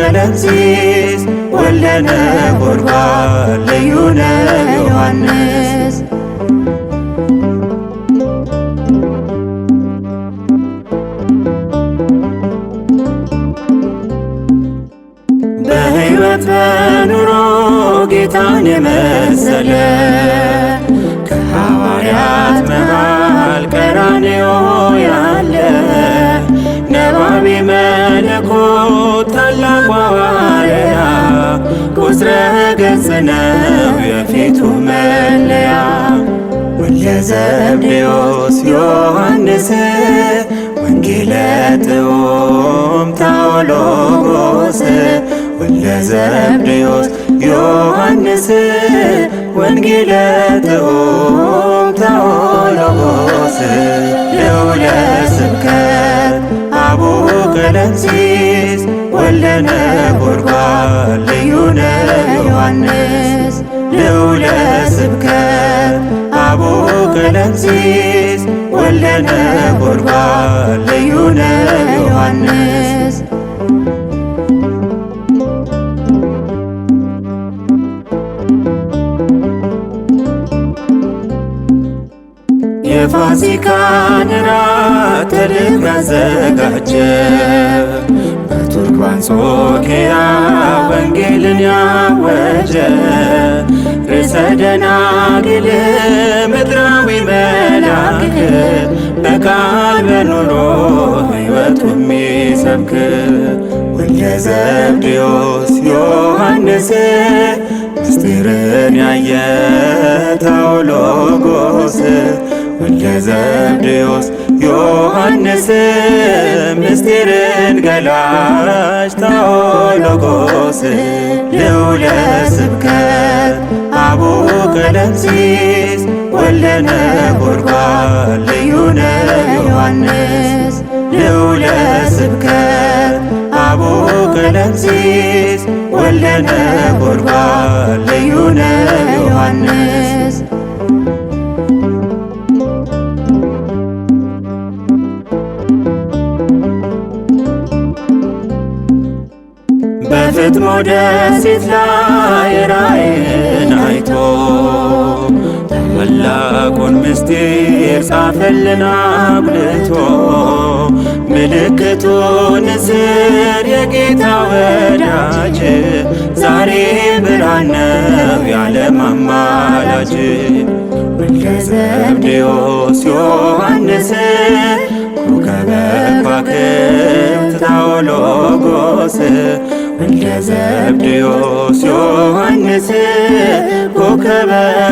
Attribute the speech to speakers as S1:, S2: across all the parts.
S1: ከለንሲስ ወለነ ጎድጓድ ልዩነ ዮሐንስ በሕይወት በኑሮ ጌታን የመሰለ ከሐዋርያት መሃል ቀራንዮ ያለ ቀዳሚ መለኮት ታላቁ ሐዋርያ ቁስረ ገጽ ነው የፊቱ መለያ ወልደ ዘብዴዎስ ዮሐንስ ወንጌለ ጥዑም ታዎሎጎስ ወልደ ዘብዴዎስ ዮሐንስ ወንጌለ ጥዑም ታዎሎጎስ ልውለ ስብከት ከለንሲስ ወለነ ጎድጓድ ልዩነ ዮሐንስ ልውለ ስብከት አቦ ከለንሲስ ወለነ ጎድጓድ ልዩነ ዮሐንስ የፋሲካን ራት ተልም ያዘጋጀ በቱርክ አንጾኪያ ወንጌልን ያወጀ ርዕሰ ደናግል ምድራዊ መላክ በቃል በኑሮ ሕይወቱ የሚሰብክ ወልደ ዘብዴዎስ ዮሐንስ ምስጢርን ያየ ታውሎጎስ እለ ዘብዴዎስ ዮሐንስም ምስጢርን ገላጭ ቴዎሎጎስ ልውለ ስብከት አቡ ቀለምሲስ ወለነ ጎድጓድ ልዩነ ዮሐንስ ልውለ ስብከት አቡ ቀለምሲስ ወለነ ጎድጓድ ልዩነ ዮሐንስ በፍጥሞ ደሴት ላይ ራእይን አይቶ ታላቁን ምስጢር ጻፈልን አጉልቶ ምልክቱ ንስር የጌታ ወዳጅ ዛሬ ብርሃን ነው የዓለም አማላጅ ወልደ ዘብዴዎስ ዮሐንስ ኮከበ ከዋክብት ታኦሎጎስ እንደ ዘብዴዎስ ዮሐንስ ኮከበ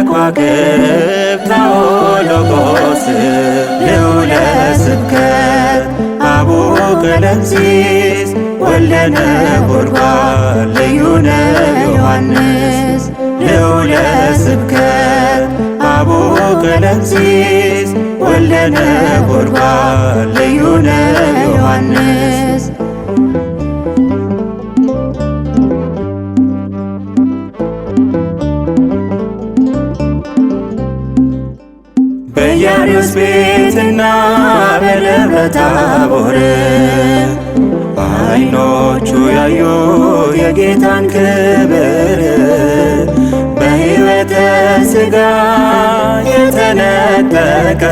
S1: ከዋክብት ታኦሎጎስ ልዑለ ስብከት አቡነ ቀለምሲስ ወለነ ጎድጓድ ልዩነ ዮሐንስ ልዑለ ስብከት አቡነ ቀለምሲስ ወለነ ልዩነ ዮሐንስ በቅዱስ ቤትና በደብረ ታቦር በዓይኖቹ ያዩ የጌታን ክብር በሕይወተ ሥጋ የተነጠቀ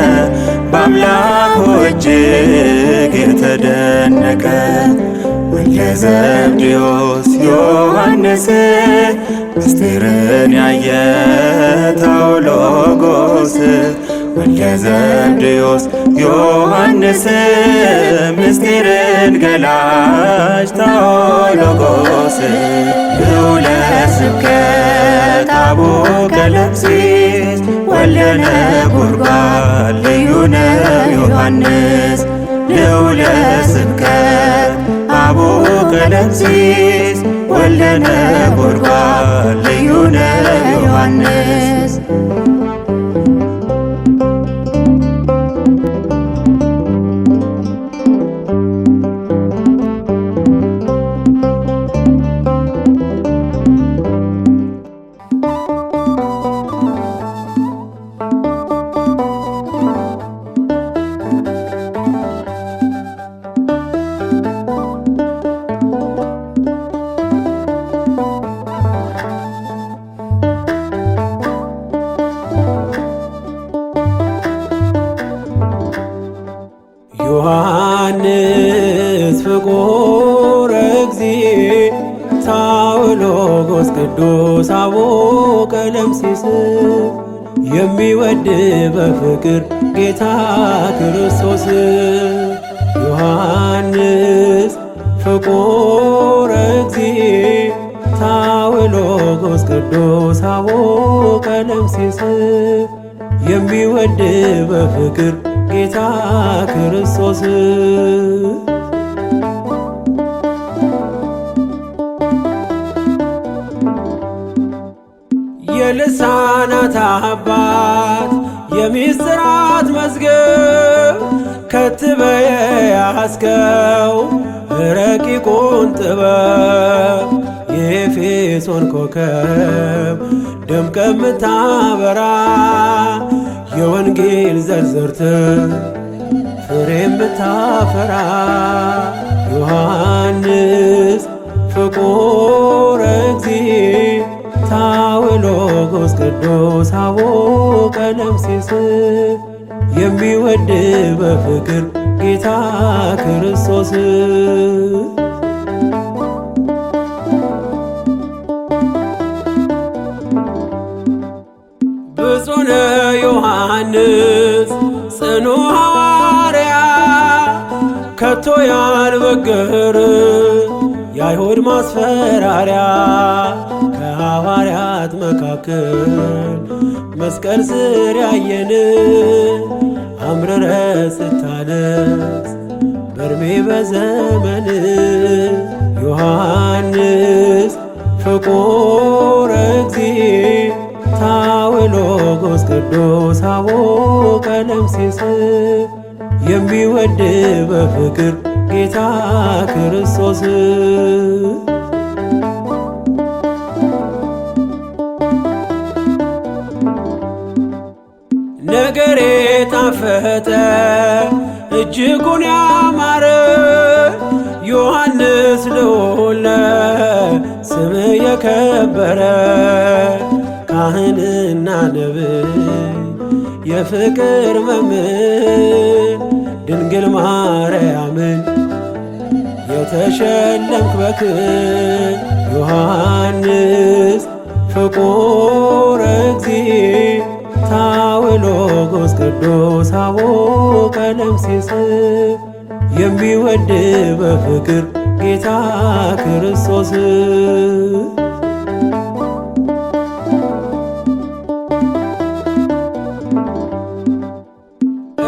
S1: በአምላኩ እጅግ የተደነቀ ወልደ ዘብዴዎስ ዮሐንስ ምስጢርን ያየ ታውሎጎስ እለዘብዴዎስ ዮሐንስ ምስጢርን ገላጭ ቴዎሎጎስ ልውለ ስብከት አቡቀለምሲስ ወለነ ጉርጓድ ልዩነ ዮሐንስ ልውለ ስብከት አቡቀለምሲስ ወለነ ጉርጓድ ልዩነ ዮሐንስ አንድ በፍቅር ጌታ ክርስቶስ ዮሐንስ ፍቁረ እግዚእ ታውሎጎስ ቅዱስ አቦ ቀለምሲስ የሚወድ በፍቅር ጌታ ክርስቶስ የልሳናት አባት የሚስጥራት መዝገብ ከትበየ ያስከው ረቂቁን ጥበብ የኤፌሶን ኮከብ ደምቀ ምታበራ የወንጌል ዘርዝርት ፍሬ ምታፈራ ዮሐንስ ፍቁረ እግዚእ ንጉሥ ቅዱስ አቡነ ቀለምሲስ የሚወድ በፍቅር ጌታ ክርስቶስ ብፁነ ዮሐንስ ጽኑ ሐዋርያ ከቶ ያልበገር የአይሁድ ማስፈራሪያ ሐዋርያት መካከል መስቀል ስር ያየን አምርረ ስታለቅስ በእድሜ በዘመን ዮሐንስ ፍቁረ እግዚእ ታወሎጎስ ቅዱስ አቡነ ቀለምሲስ የሚወድ በፍቅር ጌታ ክርስቶስ ነገሬ ጣፈጠ እጅጉን ያማረ ዮሐንስ ልዑል ስም የከበረ ካህንና ነብይ የፍቅር መምህር ድንግል ማርያምን የተሸለምክ በክብር ዮሐንስ ፍቁረ እግዚእ ሎጎስ ቅዱስ አቦ ቀለምሲስ የሚወድ በፍቅር ጌታ ክርስቶስ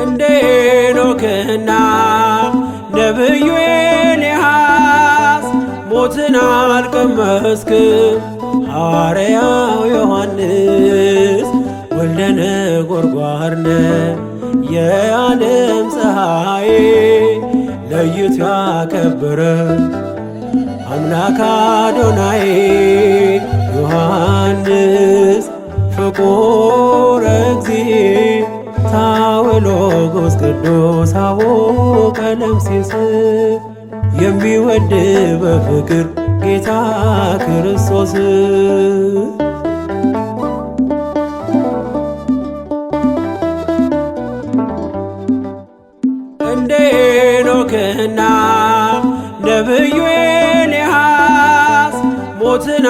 S1: እንደ ሄኖክና ነብዩ ኤልያስ ሞትን ሐዋርያው ዮሐንስ ወልደነ ነጎድጓድነ የዓለም ፀሐይ ለይቶ ያከበረ አምላክ አዶናይ ዮሐንስ ፍቁረ እግዚእ ታውሎ ጎስ ቅዱስ አቡነ ቀለምሲስ የሚወድ በፍቅር ጌታ ክርስቶስ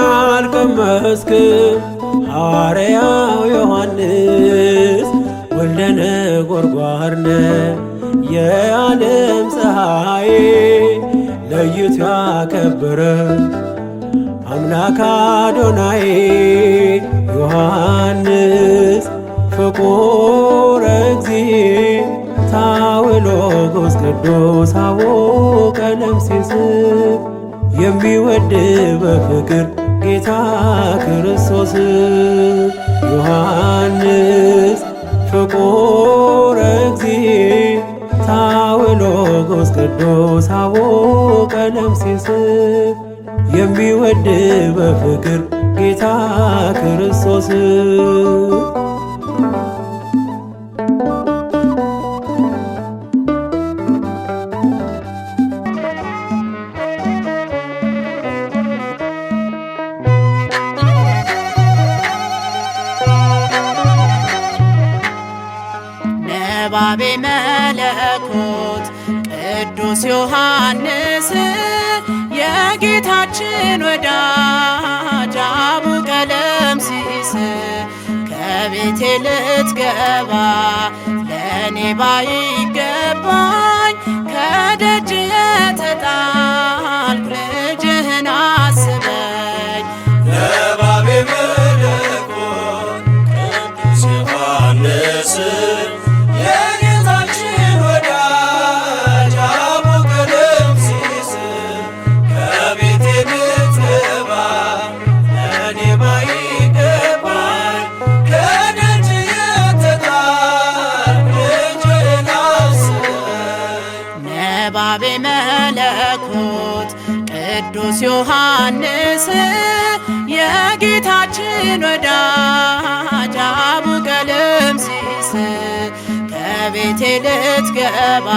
S1: አልቀመስክም ሐዋርያው ዮሐንስ ወልደ ነጎድጓድ ነህ የዓለም ፀሐይ ለይቶ ያከበረ አምላክ አዶናይ ዮሐንስ ፍቁረ እግዚእ ታውሎ ጎስ ቅዱስ አቦ ቀለምሲስ የሚወድ በፍቅር ጌታ ክርስቶስ ዮሐንስ ፍቁረ እግዚእ ታውሎጎስ ቅዱስ አቡነ ቀለምሲስ የሚወድ በፍቅር ጌታ ክርስቶስ እባቤ መለኮት ቅዱስ ዮሐንስ የጌታችን ወዳጅ አቡ ከቤት ከቤቴ ልትገባ ለኔ ባይገባኝ ከደጅ የተጣ ዮሐንስ የጌታችን ወዳጅ አቡቀለምሲስ ከቤቴ ልትገባ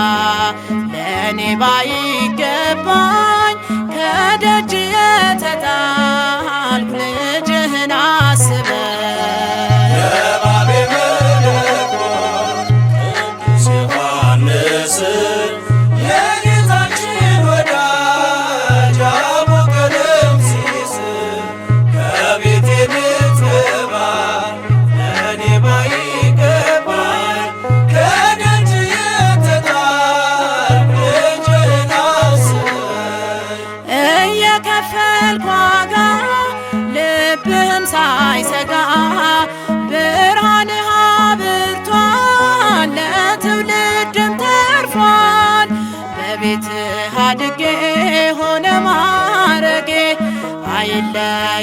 S1: ለእኔ ባይገባኝ ከደጅ የተጣል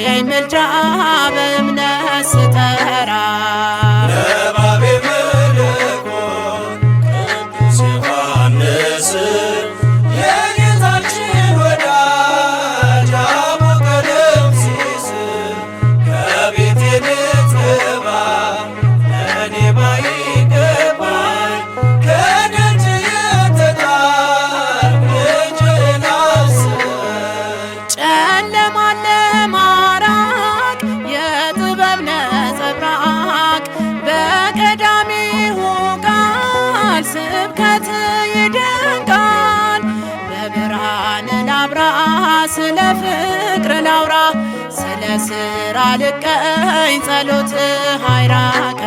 S1: I am a job. አደቀኝ ጸሎት አይራቀ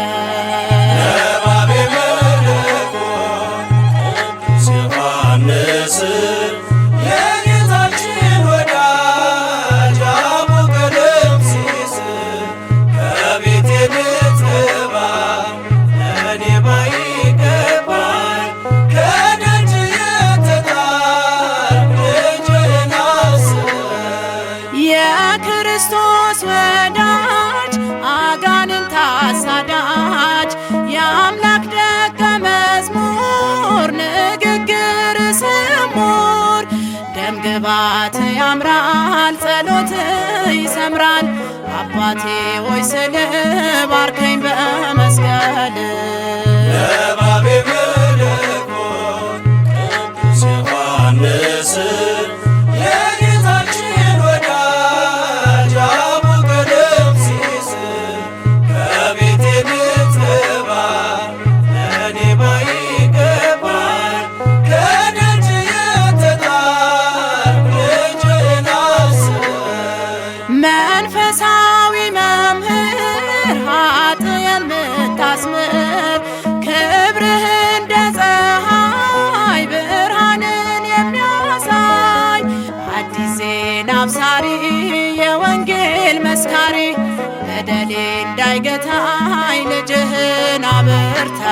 S1: አበርታ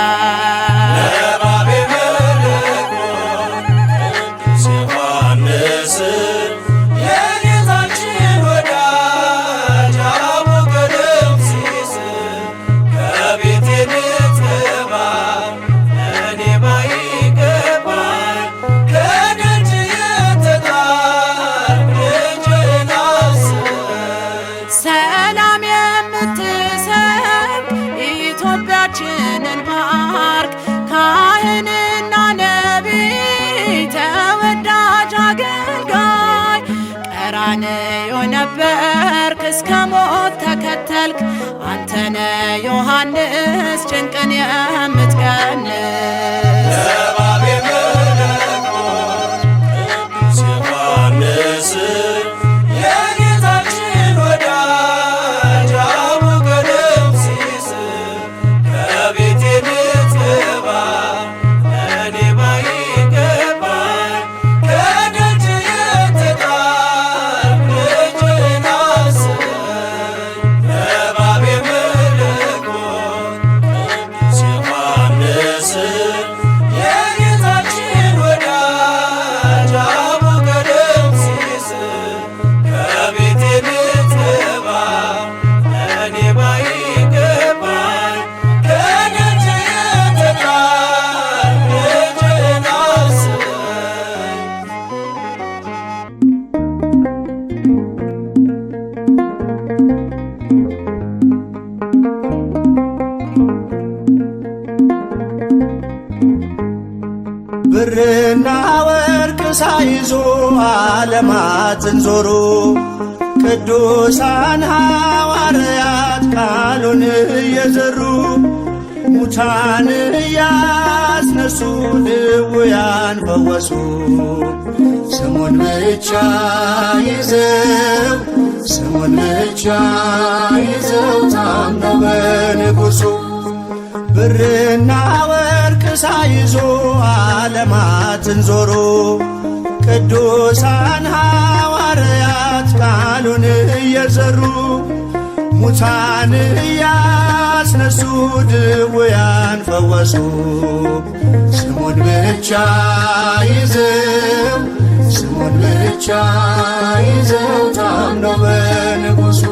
S1: ዮሐንስ ጭንቅን የምትቀንስ ጽንዞሩ ቅዱሳን ሐዋርያት ቃሉን እየዘሩ ሙታን እያስነሱ ድውያን ፈወሱ። ስሙን ብቻ ይዘው ስሙን ብቻ ይዘው ታምነው በንጉሡ ብርና ወርቅ ሳይዞ ዓለማትን ዞሩ ቅዱሳን ሐዋርያት ቃሉን እየዘሩ ሙታን እያስነሱ ድውያን ፈወሱ። ስሙን ብቻ ይዘው ስሙን ብቻ ይዘው ታምነው በንጉሱ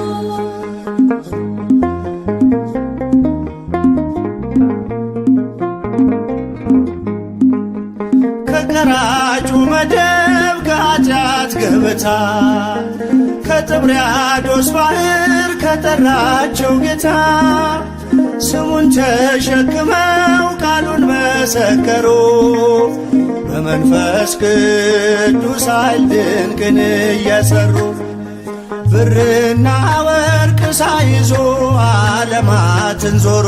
S1: ከገራጩ መደብ የኃጢአት ገበታ ከጥብርያዶስ ባህር ከጠራቸው ጌታ ስሙን ተሸክመው ቃሉን መሰከሩ በመንፈስ ቅዱስ ኃይል ድንቅን እየሰሩ ብርና ወርቅ ሳይዞ ዓለማትን ዞሮ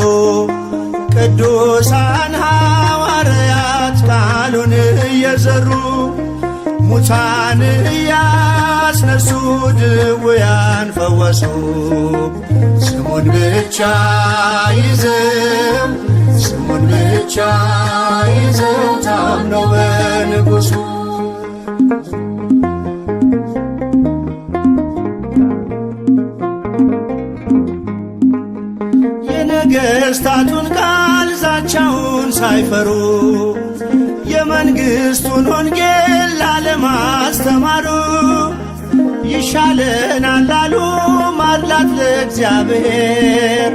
S1: ቅዱሳን ሐዋርያት ቃሉን እየዘሩ ሙታን እያስነሱ ድውያን ፈወሱ። ስሙን ብቻ ይዘው ስሙን ብቻ ይዘው ታምነው በንጉሱ የነገሥታቱን ቃል ዛቻውን ሳይፈሩ የመንግሥቱን ወንጌል ላለማስተማሩ ይሻለናል ላሉ ማድላት ለእግዚአብሔር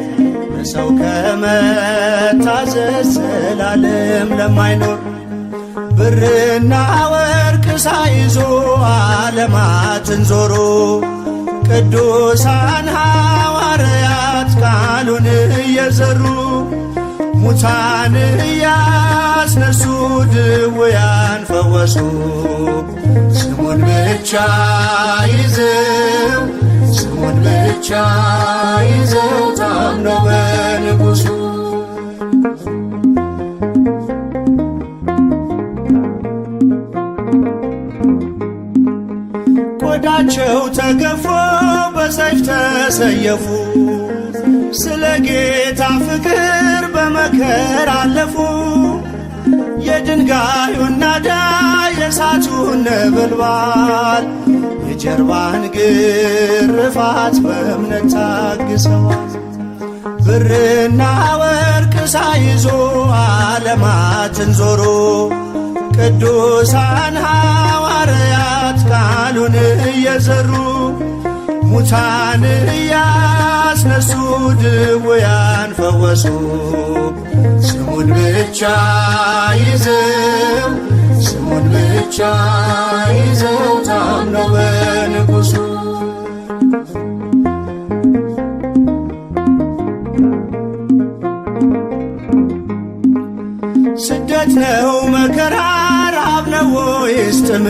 S1: በሰው ከመታዘዝ ዘላለም ለማይኖር ብርና ወርቅ ሳይዞ ዓለማትን ዞሮ ቅዱሳን ሐዋርያት ቃሉን እየዘሩ ሙታን እያ በእርሱ ድውያን ፈወሱ። ስሙን ብቻ ይዘው ስሙን ብቻ ይዘው ታምነው በንጉሱ ቆዳቸው ተገፎ በሰይፍ ተሰየፉ። ስለ ጌታ ፍቅር በመከር አለፉ። የድንጋዩ ዳ የእሳቱ ነበልባል የጀርባን ግርፋት በእምነት ታግሰዋል። ብርና ወርቅ ሳይዞ ዓለማትን ዞሮ ቅዱሳን ሐዋርያት ቃሉን እየዘሩ ሙታን እያ አስነሱ፣ ድውያን ፈወሱ። ስሙን ብቻ ይዘው ስሙን ብቻ ይዘው ታምነው በንጉሱ ስደት ነው መከራ ራብ ነው ወይስ ጥም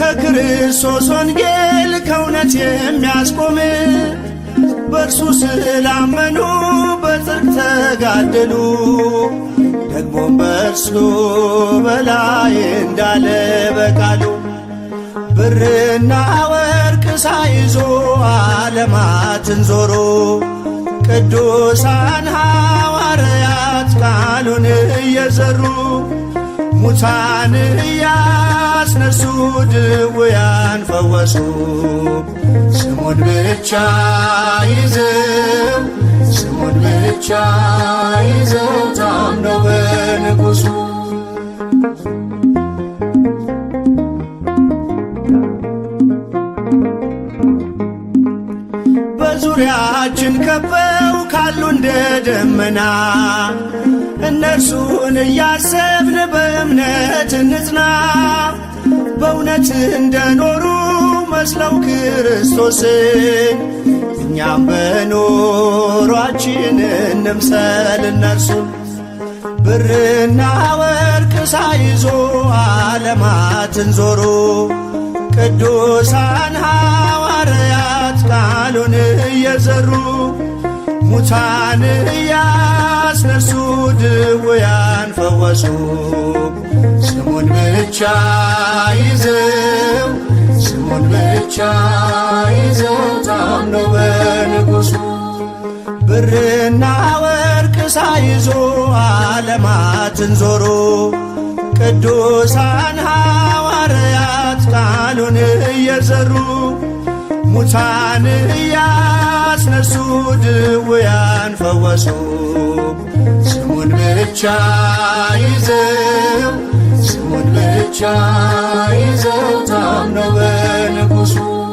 S1: ከክርስቶስ ወንጌል ከእውነት የሚያስቆም በእርሱ ስላመኑ በጽድቅ ተጋደሉ። ደግሞ በእርሱ በላይ እንዳለ በቃሉ ብርና ወርቅ ሳይዞ ዓለማትን ዞሮ ቅዱሳን ሐዋርያት ቃሉን እየዘሩ ሙታን እያ ሲያስነሱ ድውያን ፈወሱ። ስሙን ብቻ ይዘው ስሙን ብቻ ይዘው ታምነው በንጉሡ በዙሪያችን ከበ ካሉ እንደ ደመና እነርሱን እያሰብን በእምነት እንጽና። በእውነት እንደኖሩ መስለው ክርስቶስን እኛም በኖሯችን እንምሰል እነርሱ ብርና ወርቅ ሳይዞ ዓለማትን ዞሩ ቅዱሳን ሐዋርያት ቃሉን እየዘሩ ሙታን እያስነሱ ድውያን ፈወሱ። ስሙን ብቻ ይዘው ስሙን ብቻ ይዘው ታምኖ በንጉሱ ብርና ወርቅ ሳይዞ ዓለማትን ዞሩ ቅዱሳን ሐዋርያት ቃሉን እየዘሩ ሙታን እያ እነርሱ ድውያን ፈወሱ። ስሙን ብቻ ይዘው ስሙን ብቻ ይዘው ታምነው